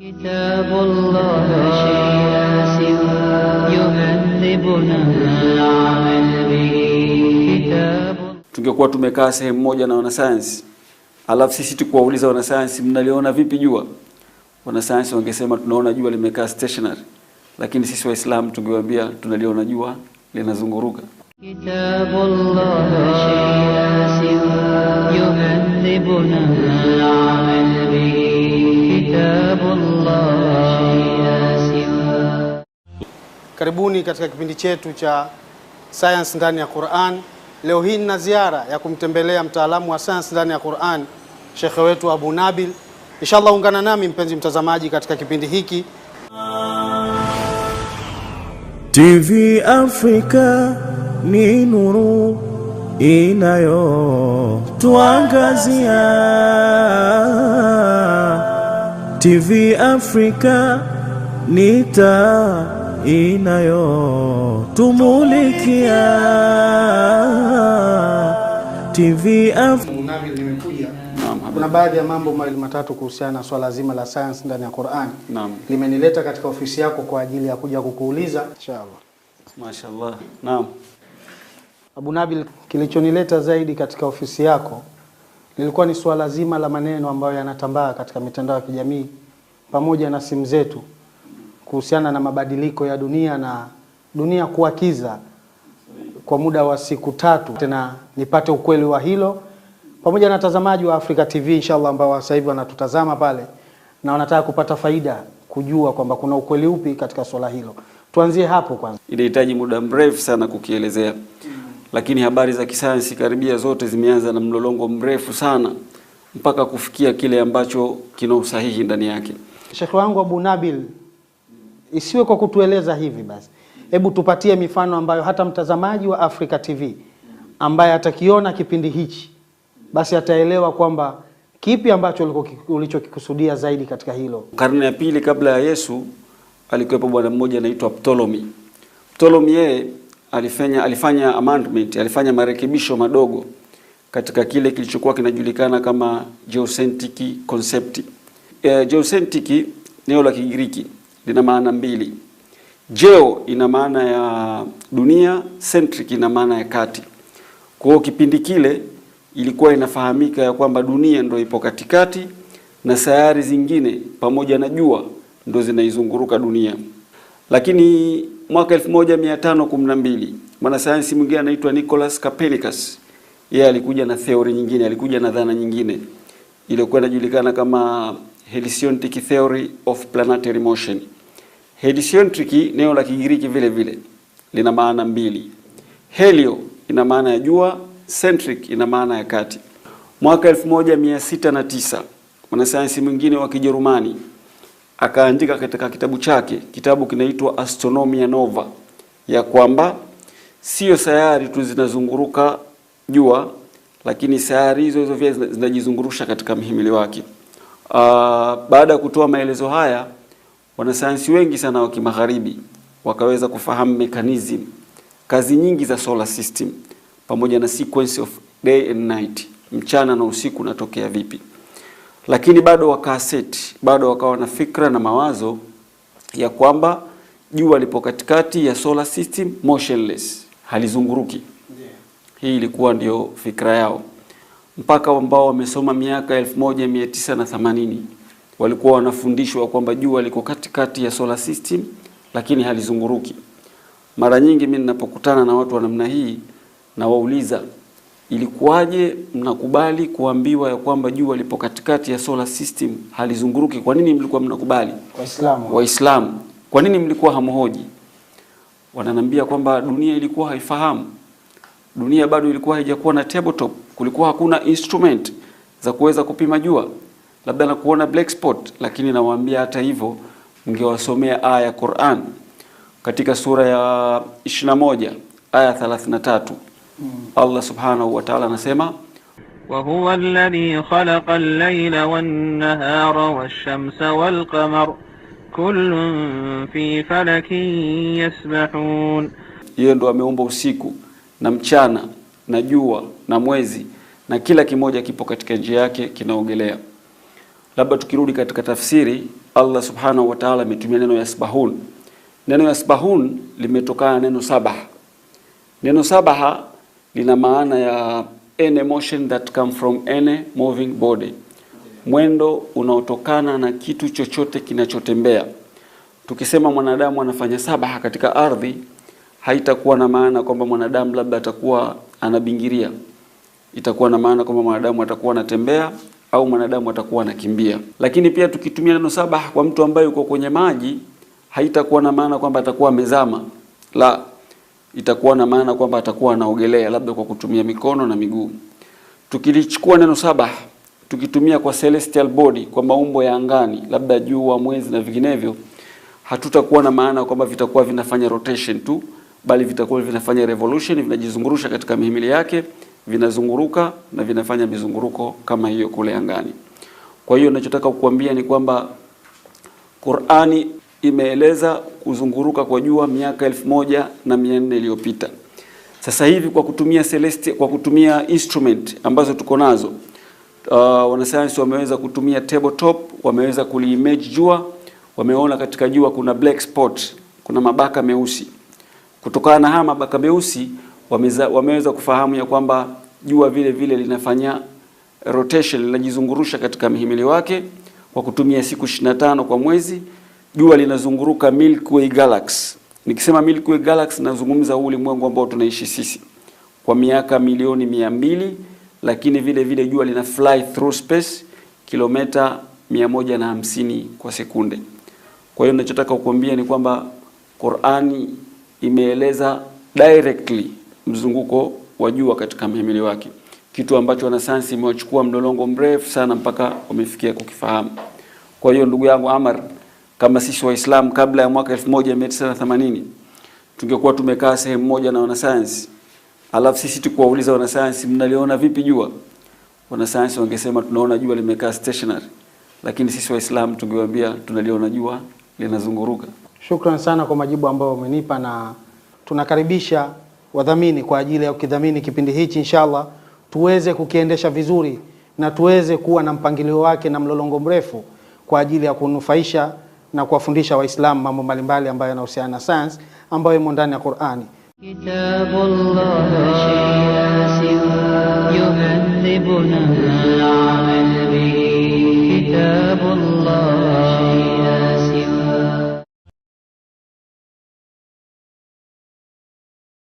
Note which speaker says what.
Speaker 1: كتاب الله يهذبنا به tungekuwa tumekaa sehemu moja na wanasayansi alafu sisi tukuwauliza wanasayansi mnaliona vipi jua wanasayansi wangesema tunaona jua limekaa stationary lakini sisi waislamu tungewambia tunaliona jua linazunguruka kitabullah yuhadhibuna
Speaker 2: Karibuni katika kipindi chetu cha sayansi ndani ya Qur'an. Leo hii nina ziara ya kumtembelea mtaalamu wa sayansi ndani ya Qur'an, shekhe wetu Abu Nabil. Inshallah, ungana nami mpenzi mtazamaji katika kipindi hiki. TV Afrika ni nuru inayotuangazia. TV Afrika ni taa inayotumulikia TV kuna baadhi ya mambo mawili matatu kuhusiana na swala zima la science ndani ya Qur'an. Naam. Limenileta katika ofisi yako kwa ajili ya kuja kukuuliza. Inshallah.
Speaker 3: Mashaallah. Naam.
Speaker 2: Abu Nabil, kilichonileta zaidi katika ofisi yako lilikuwa ni swala zima la maneno ambayo yanatambaa katika mitandao ya kijamii pamoja na simu zetu kuhusiana na mabadiliko ya dunia na dunia kuwa kiza kwa muda wa siku tatu, tena nipate ukweli wa hilo pamoja na watazamaji wa Africa TV inshallah, ambao sasa hivi wanatutazama pale na wanataka kupata faida, kujua kwamba kuna ukweli upi katika swala hilo. Tuanzie hapo kwanza,
Speaker 3: inahitaji muda mrefu sana kukielezea mm -hmm. Lakini habari za kisayansi karibia zote zimeanza na mlolongo mrefu sana mpaka kufikia kile ambacho kina usahihi ndani yake.
Speaker 2: Sheikh wangu Abu Nabil isiwe kwa kutueleza hivi basi, hebu tupatie mifano ambayo hata mtazamaji wa Africa TV ambaye atakiona kipindi hichi basi ataelewa kwamba kipi ambacho ulichokikusudia zaidi katika hilo.
Speaker 3: Karne ya pili kabla ya Yesu alikuwepo bwana mmoja anaitwa Ptolemy. Ptolemy yeye alifanya alifanya amendment, alifanya marekebisho madogo katika kile kilichokuwa kinajulikana kama geocentric concept. E, geocentric neno la Kigiriki lina maana mbili. Geo ina maana ya dunia, centric ina maana ya kati. Kwa hiyo kipindi kile ilikuwa inafahamika ya kwamba dunia ndio ipo katikati na sayari zingine pamoja na jua ndio zinaizunguruka dunia. Lakini mwaka 1512 mwanasayansi mwingine anaitwa Nicholas Copernicus, yeye alikuja na theory nyingine, alikuja na dhana nyingine iliyokuwa inajulikana kama Heliocentric theory of planetary motion. Heliocentric, neno la Kigiriki vile vile lina maana mbili. Helio ina maana ya jua, centric ina maana ya kati. Mwaka 1609 mwanasayansi mwingine wa Kijerumani akaandika katika kitabu chake, kitabu kinaitwa Astronomia Nova, ya kwamba sio sayari tu zinazunguruka jua, lakini sayari hizo hizo pia zinajizungurusha katika mhimili wake. Uh, baada ya kutoa maelezo haya wanasayansi wengi sana wa kimagharibi wakaweza kufahamu mechanism kazi nyingi za solar system pamoja na sequence of day and night, mchana na usiku unatokea vipi, lakini bado wakaseti, bado wakawa na fikra na mawazo ya kwamba jua lipo katikati ya solar system motionless, halizunguruki. Hii ilikuwa ndio fikra yao mpaka ambao wamesoma miaka 1980 walikuwa wanafundishwa kwamba jua liko katikati ya solar system lakini halizunguruki. Mara nyingi mimi ninapokutana na watu wa namna hii nawauliza, ilikuwaje mnakubali kuambiwa ya kwamba jua lipo katikati ya solar system halizunguruki? Kwa nini mlikuwa mnakubali? Waislamu, Waislamu, kwa nini mlikuwa hamhoji? Wananiambia kwamba dunia ilikuwa haifahamu, dunia bado ilikuwa haijakuwa na tabletop, kulikuwa hakuna instrument za kuweza kupima jua labda nakuona black spot, lakini nawaambia hata hivyo mngewasomea aya ya Qur'an katika sura ya 21 aya 33. hmm. Allah subhanahu wa ta'ala anasema wa huwa alladhi khalaqa al-layla wan-nahara wash-shamsa wal والقمر kullun fi falakin yasbahun, yeye ndo ameumba usiku na mchana na jua na mwezi na kila kimoja kipo katika njia yake kinaogelea. Labda tukirudi katika tafsiri, Allah subhanahu wa ta'ala ametumia neno yasbahun. Neno yasbahun limetokana neno sabaha. Neno sabaha lina maana ya any motion that come from any moving body, mwendo unaotokana na kitu chochote kinachotembea. Tukisema mwanadamu anafanya sabaha katika ardhi, haitakuwa na maana kwamba mwanadamu labda atakuwa anabingiria, itakuwa na maana kwamba mwanadamu atakuwa anatembea au mwanadamu atakuwa anakimbia. Lakini pia tukitumia neno sabah kwa mtu ambaye yuko kwenye maji, haitakuwa na maana kwamba atakuwa amezama, la, itakuwa na maana kwamba atakuwa anaogelea, labda kwa kutumia mikono na miguu. Tukilichukua neno sabah tukitumia kwa celestial body, kwa maumbo ya angani, labda jua, mwezi na vinginevyo, hatutakuwa na maana kwamba vitakuwa vinafanya rotation tu, bali vitakuwa vinafanya revolution, vinajizungurusha katika mihimili yake vinazunguruka na vinafanya mizunguruko kama hiyo kule angani. Kwa hiyo ninachotaka kukuambia ni kwamba Qur'ani imeeleza kuzunguruka kwa jua miaka elfu moja na mia nne iliyopita. Sasa hivi kwa kutumia celesti, kwa kutumia instrument ambazo tuko nazo uh, wanasayansi wameweza kutumia tabletop, wameweza kuliimage jua, wameona katika jua kuna black spot, kuna mabaka meusi. Kutokana na haya mabaka meusi wameza, wameweza kufahamu ya kwamba jua vile vile linafanya rotation, linajizungurusha katika mhimili wake kwa kutumia siku 25 kwa mwezi. Jua linazunguruka Milky Way Galaxy. Nikisema Milky Way Galaxy nazungumza huu ulimwengu ambao tunaishi sisi kwa miaka milioni mia mbili, lakini vile vile jua lina fly through space kilomita hamsini kwa sekunde. Kwa hiyo ninachotaka kukuambia ni kwamba Qur'ani imeeleza directly mzunguko wa jua katika mhimili wake, kitu ambacho wanasayansi imewachukua mdolongo mrefu sana mpaka wamefikia kukifahamu. Kwa hiyo ndugu yangu Amar, kama sisi Waislamu kabla ya mwaka 1980 tungekuwa tumekaa sehemu moja na wanasayansi, alafu sisi tukuwauliza wanasayansi, mnaliona vipi jua? Wanasayansi wangesema tunaona jua limekaa stationary, lakini sisi Waislamu tungewaambia tunaliona jua linazunguruka.
Speaker 2: Shukran sana kwa majibu ambayo umenipa na tunakaribisha wadhamini kwa ajili ya kudhamini kipindi hichi inshallah, tuweze kukiendesha vizuri na tuweze kuwa na mpangilio wake na mlolongo mrefu kwa ajili ya kunufaisha na kuwafundisha Waislamu mambo mbalimbali ambayo yanahusiana na sayansi ambayo imo ndani ya Qur'ani. Kitabullah